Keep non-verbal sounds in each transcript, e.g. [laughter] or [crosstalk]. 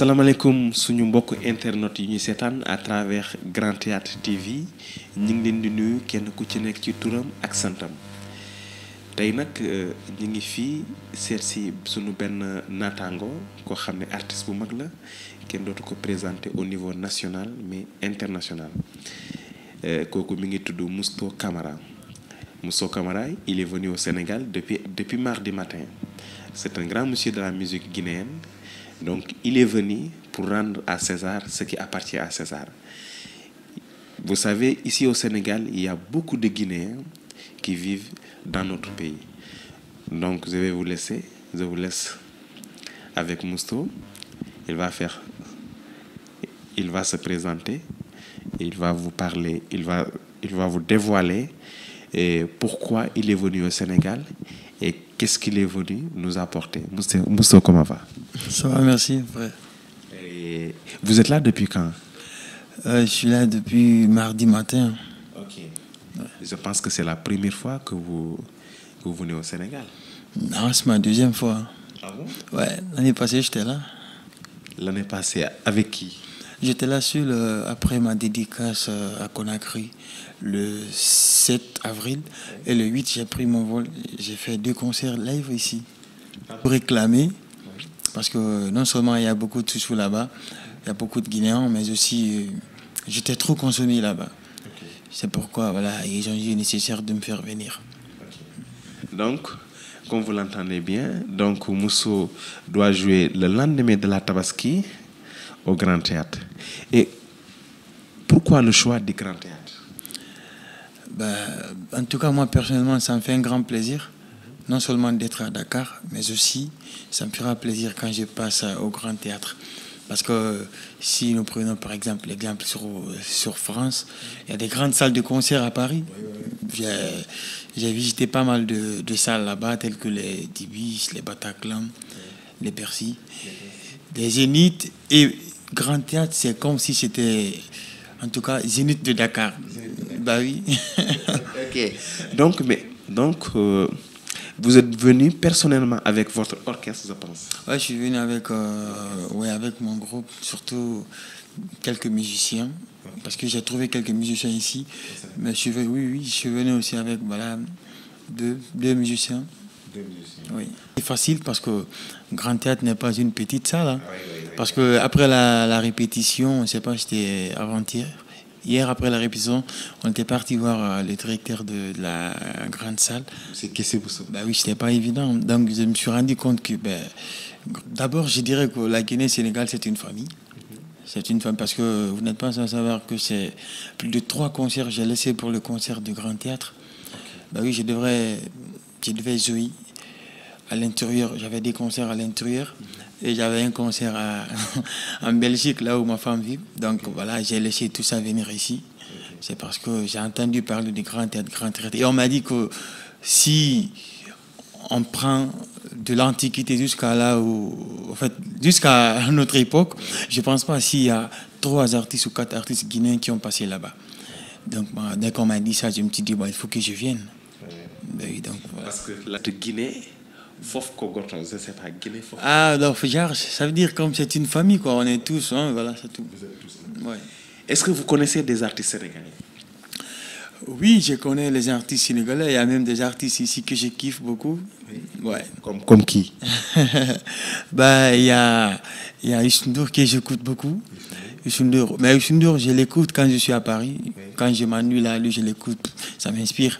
salaamaaleykum suñu mbokk internet yi ñuy seetaan à travers Grand Théâtre TV ñu ngi leen di nuyu kenn ku ci nekk ci turam ak santam tey nag euh, ñu ngi fi seet si suñu benn naataango koo xam ne artiste bu mag la kenn dootu ko présenté au niveau national mais international euh, kooku mu ngi tudd Mousto kamara Mousso Kamaraï, il est venu au Sénégal depuis, depuis mardi matin. C'est un grand monsieur de la musique guinéenne. Donc, il est venu pour rendre à César ce qui appartient à César. Vous savez, ici au Sénégal, il y a beaucoup de Guinéens qui vivent dans notre pays. Donc, je vais vous laisser. Je vous laisse avec Mousto. Il va faire... Il va se présenter. Il va vous parler. Il va, il va vous dévoiler et pourquoi il est venu au Sénégal et qu'est-ce qu'il est venu nous apporter. Moussa, comment va Ça va, merci. vous êtes là depuis quand euh, Je suis là depuis mardi matin. Ok. Je pense que c'est la première fois que vous, venez au Sénégal. Non, c'est ma deuxième fois. Ah bon Ouais, l'année passée, j'étais là. L'année passée, avec qui J'étais là sur après ma dédicace euh, à Conakry le 7 avril et le 8 j'ai pris mon vol. J'ai fait deux concerts live ici pour réclamer parce que euh, non seulement il y a beaucoup de sous là-bas, il y a beaucoup de Guinéens, mais aussi euh, j'étais trop consommé là-bas. C'est pourquoi voilà, ils ont nécessaire de me faire venir. Donc, comme vous l'entendez bien, donc Mousso doit jouer le lendemain de la Tabaski au Grand Théâtre. Et pourquoi le choix du Grand Théâtre ben, En tout cas, moi personnellement, ça me fait un grand plaisir, non seulement d'être à Dakar, mais aussi ça me fera plaisir quand je passe au Grand Théâtre. Parce que si nous prenons par exemple l'exemple sur, sur France, il y a des grandes salles de concert à Paris. J'ai visité pas mal de, de salles là-bas, telles que les Dibis, les Bataclan, les Percy, les Zéniths. Et, Grand Théâtre, c'est comme si c'était, en tout cas, Zénith de Dakar. Bah oui. [laughs] ok. Donc, mais, donc euh, vous êtes venu personnellement avec votre orchestre, je pense. Oui, je suis venu avec, euh, avec mon groupe, surtout quelques musiciens. Parce que j'ai trouvé quelques musiciens ici. Mais je suis oui, oui, je suis venu aussi avec voilà, deux, musiciens. Deux musiciens. Oui. C'est facile parce que Grand Théâtre n'est pas une petite salle. Hein. Ah parce que après la, la répétition, on ne sait pas, c'était avant-hier, hier après la répétition, on était parti voir euh, le directeur de, la grande salle. C'est qu'est-ce que Bah oui, c'était pas évident. Donc je me suis rendu compte que, bah, d'abord, je dirais que la Guinée-Sénégal, c'est une famille. C'est une femme parce que vous n'êtes pas sans savoir que c'est plus de trois concerts j'ai laissé pour le concert du Grand Théâtre. Bah oui, je devrais, je devais jouer, l'intérieur. J'avais des concerts à l'intérieur et j'avais un concert [laughs] en Belgique, là où ma femme vit. Donc voilà, j'ai laissé tout ça venir ici. C'est parce que j'ai entendu parler du grands théâtre, Et on m'a dit que si on prend de l'Antiquité jusqu'à là où, en fait, jusqu'à [laughs] notre époque, je ne pense pas s'il y a trois artistes ou quatre artistes guinéens qui ont passé là-bas. Donc, dès qu'on m'a dit ça, je me suis dit, bon, il faut que je vienne. Ben donc, Parce que la de Guinée, ah, alors, ça veut dire comme c'est une famille, quoi. On est tous, hein, voilà, c'est tout. Ouais. Est-ce que vous connaissez des artistes sénégalais Oui, je connais les artistes sénégalais. Il y a même des artistes ici que je kiffe beaucoup. Ouais. Comme, comme qui [laughs] bah, Il y a, y a que j'écoute beaucoup. Oui. Mais Usundur, je l'écoute quand je suis à Paris. Quand je m'ennuie là, lui, je l'écoute. Ça m'inspire.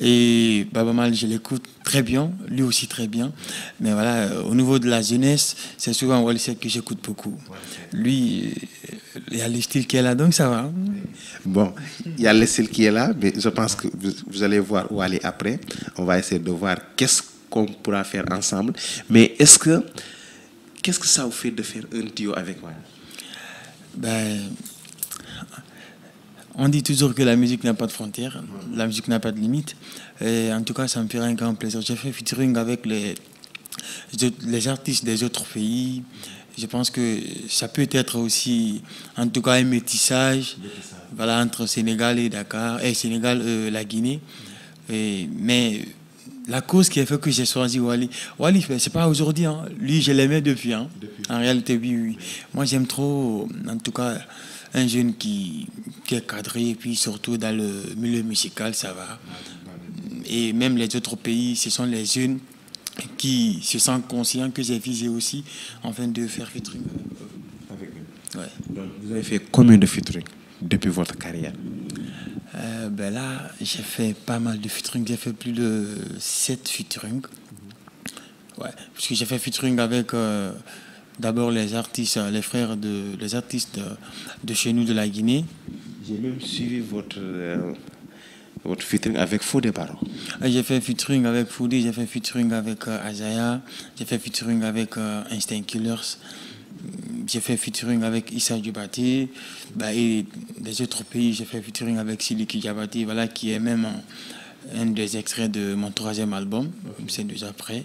Et Baba Mal, je l'écoute très bien. Lui aussi très bien. Mais voilà, euh, au niveau de la jeunesse, c'est souvent Walisek que j'écoute beaucoup. Lui, euh, il y a le style qui est là, donc ça va. Bon, il y a le style qui est là, mais je pense que vous, allez voir où aller après. On va essayer de voir qu'est-ce qu'on pourra faire ensemble. Mais est-ce que. Qu'est-ce que ça vous fait de faire un duo avec moi ben, on dit toujours que la musique n'a pas de frontières, la musique n'a pas de limites. Et en tout cas, ça me fait un grand plaisir. J'ai fait featuring avec les, les artistes des autres pays. Je pense que ça peut être aussi, en tout cas, un métissage, Voilà, entre Sénégal et Dakar, et Sénégal, euh, la Guinée. mais la cause qui a fait que j'ai choisi Wally. Wally, n'est ben, pas aujourd'hui. Hein. Lui, je l'aimais hein. depuis, En réalité, oui, oui. Moi, j'aime trop, en tout cas, un jeune qui, est cadré, et puis surtout dans le milieu musical, ça va. Et même les autres pays, ce sont les jeunes qui se sentent conscients que j'ai visé aussi, en fin de faire featuring. Avec Donc, vous avez fait combien de featuring depuis votre carrière euh, ben là, j'ai fait pas mal de featuring. J'ai fait plus de 7 featuring. Ouais, parce que j'ai fait featuring avec euh, d'abord les artistes, euh, les frères de les artistes de, chez nous de la Guinée. J'ai même suivi votre featuring avec Foudé pardon. J'ai fait featuring avec Foudé, j'ai fait featuring avec Azaya, j'ai fait featuring avec Instinct Killers j'ai fait featuring avec Issa Djibati. Bah, et des autres pays, j'ai fait featuring avec Siliki Djibati, voilà, qui est même un, des extraits de mon troisième album. C'est déjà prêt.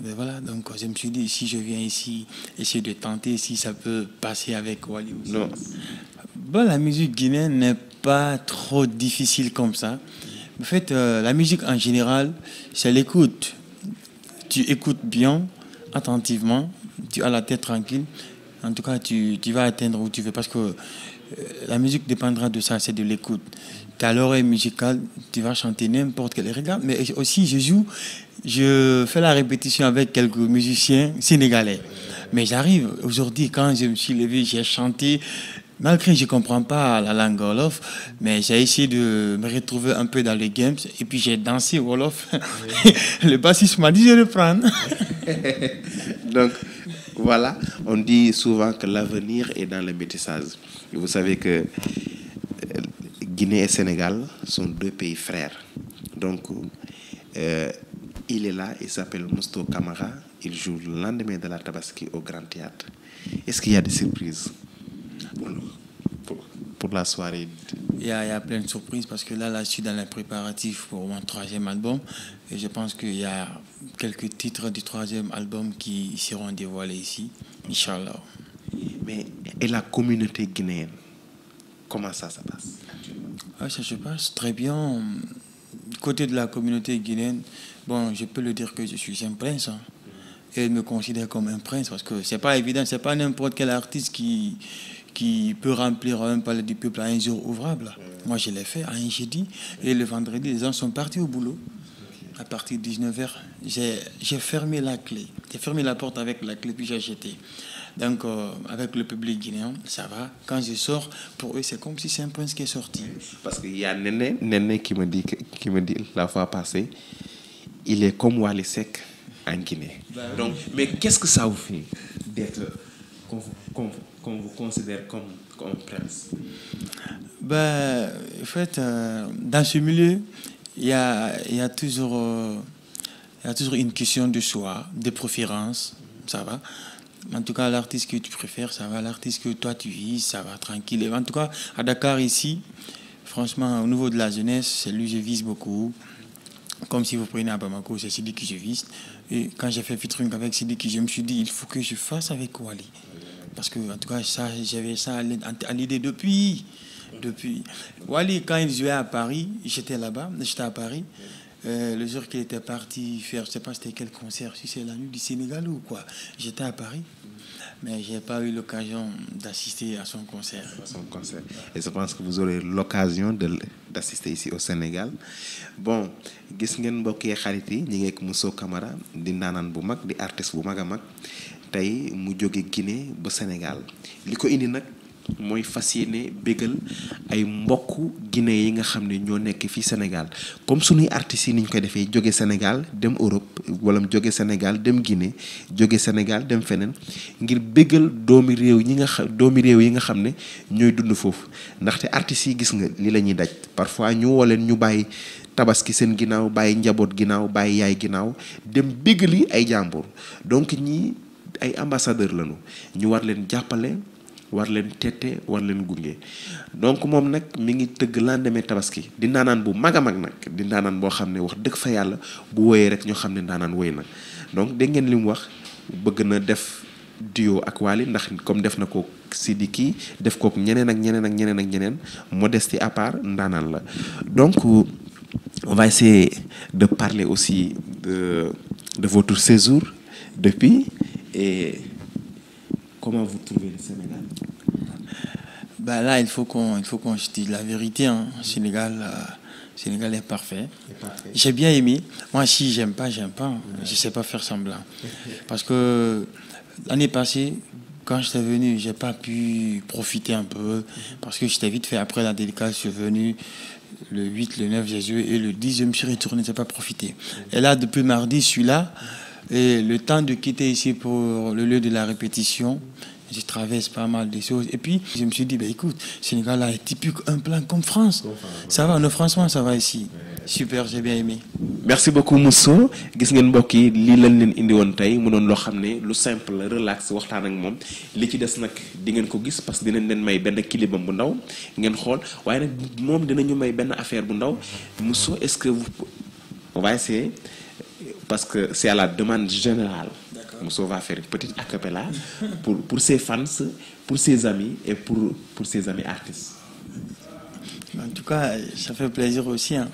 voilà, donc je me suis dit, si je viens ici, essayer de tenter si ça peut passer avec Wally aussi. la musique guinéenne n'est pas trop difficile comme ça. En fait, euh, la musique en général, c'est l'écoute. Tu écoutes bien, attentivement, tu as la tête tranquille en tout cas, tu, vas atteindre où tu veux. Parce que euh, la musique dépendra de ça, c'est de l'écoute. Tu l'oreille musicale, tu vas chanter n'importe quel regard. Mais aussi, je joue, je fais la répétition avec quelques musiciens sénégalais. Mais j'arrive aujourd'hui, quand je me suis levé, j'ai chanté. Malgré que je ne comprends pas la langue Wolof, mais j'ai essayé de me retrouver un peu dans les games. Et puis j'ai dansé Wolof. [laughs] le bassiste m'a dit je le prendre. [laughs] [laughs] Donc, voilà, on dit souvent que l'avenir est dans le métissage. vous savez que euh, Guinée et Sénégal sont deux pays frères. Donc, euh, il est là, il s'appelle Mosto Kamara. Il joue le lendemain de la Tabaski au Grand Théâtre. Est-ce qu'il y a des surprises pour, la soirée il y, a, plein de surprises parce que là, là, je suis dans les préparatifs pour mon troisième album et je pense qu'il y a quelques titres du troisième album qui seront dévoilés ici, Inch'Allah. Mais et la communauté guinéenne, comment ça, ça passe ah, Ça se passe très bien. Côté de la communauté guinéenne, bon, je peux le dire que je suis un prince. Hein, et elle me considère comme un prince parce que c'est pas évident, c'est pas n'importe quel artiste qui, qui peut remplir un palais du peuple à un jour ouvrable. Moi, je l'ai fait à un jeudi et le vendredi, les gens sont partis au boulot à partir de 19h, j'ai fermé la clé. J'ai fermé la porte avec la clé, puis j'ai jeté. Donc, euh, avec le public guinéen, ça va. Quand je sors, pour eux, c'est comme si c'est un prince qui est sorti. Parce qu'il y a Néné, Néné qui me dit, qui me dit la fois passée, il est comme Wally sec en Guinée. Bah mais qu'est-ce que ça vous fait d'être, qu'on vous, considère comme, prince Ben, en fait, euh, dans ce milieu, il y a, toujours, euh, y a toujours une question de choix, de préférence, ça va. En tout cas, l'artiste que tu préfères, ça va. L'artiste que toi tu vis, ça va, tranquille. en tout cas, à Dakar, ici, franchement, au niveau de la jeunesse, c'est lui que je vise beaucoup. Comme si vous prenez à Bamako, c'est celui que je vise. Et quand j'ai fait featuring avec celui que je me suis dit, il faut que je fasse avec Wally. Parce que, en tout cas, ça, j'avais ça à l'idée depuis depuis. Wally, quand il jouait à Paris, j'étais là-bas, j'étais à Paris. Euh, le jour qu'il était parti faire, je sais pas c'était quel concert, si c'est la nuit du Sénégal ou quoi. J'étais à Paris, mais j'ai pas eu l'occasion d'assister à son concert. À son concert. Et je pense que vous aurez l'occasion d'assister ici au Sénégal. Bon, gis ngeen mbokk yi xarit yi ñi ngi ak Mousso Camara di ndaanaan bu mag di artiste bu mag a mag mu Guinée ba Sénégal li ko mooy fas ne bégal ay mbokk Guinée yi nga xam ne ñoo nekk fii Sénégal comme suñuy artistes yi ni ñu koy defee jóge Sénégal dem Europe wala jóge Sénégal dem Guinée jóge Sénégal dem feneen ngir bégal doomi réew yi nga xam ne ñooy dund foofu ndaxte artistes yi gis nga li la ñuy daj parfois ñu woo leen ñu bàyyi tabaski seen ginnaaw bàyyi njaboot ginnaaw bàyyi yaay ginnaaw dem bégali ay jàmbur donc ñi ay ambassadeur lañu ñu war leen jàppale war leen tete war leen gunge donc moom nag mi ngi tëgg lendemain tabaski di ndaanaan bu mag a mag nag di ndaanaan boo xam ne wax dëgg fa yàlla bu woyee rek ñu xam ne woy na donc dégg ngeen li mu wax bëgg na def duo ak Wally ndax comme def na ko Sidi kii def ko ñeneen ak ñeneen ak ñeneen ak ñeneen modestie à part ndaanaan la donc on va essayer de parler aussi de de votre séjour depuis et Comment vous trouvez le Sénégal bah Là, il faut qu'on qu'on se dise la vérité. Hein. Sénégal, euh, est parfait. J'ai bien aimé. Moi, si je n'aime pas, j'aime pas. Je Je sais pas faire semblant. [laughs] Parce que l'année passée, quand j'étais venu, je n'ai pas pu profiter un peu parce que j'étais vite fait après la dédicace, Je suis venu le 8, le 9, Jésus et le 10, je me suis retourné, n'ai pas profité. Et là, depuis mardi, je suis là. Et le temps de quitter ici pour le lieu de la répétition, je traverse pas mal de choses. Et puis, je me suis dit, bah, écoute, Sénégal là est typique un plan comme France. Ça va, nos français, ça va ici. super j'ai bien aimé. merci beaucoup Mousso Vous ngeen mbokk que vous avez dit, indi woon tey mu doon loo Le simple relax waxtaan ak moom li ci des nag di ngeen ko gis parce que dinañ leen may benn kilibam bu ndaw ngeen xool affaire bu ndaw Mousso est-ce que vous on va essayer parce que c'est à la demande générale. Mousso va faire une petite acapella pour, pour ses fans, pour ses amis et pour, pour ses amis artistes. En tout cas, ça fait plaisir aussi. Hein.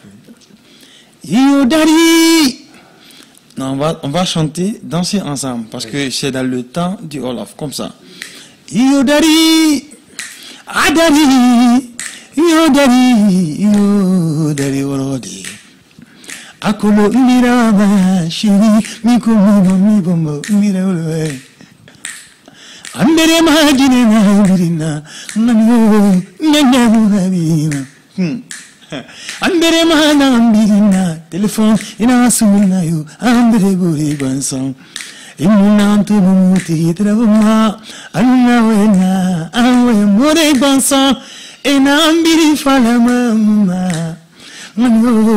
daddy! on, va, chanter, danser ensemble parce que c'est dans le temps du Olaf, comme ça. Yo daddy! Yo daddy Ako no umira ma shiri miko mugo mibo mo umira ulwe. Ambere ma jine na ubirina namiyo nanya nubabima. Hmm. Ambere ma na ambirina telephone ina suna yo ambere buri bansan. Immunantu bumuti trebuma anna wena awe mure bansan ina biri falama manu.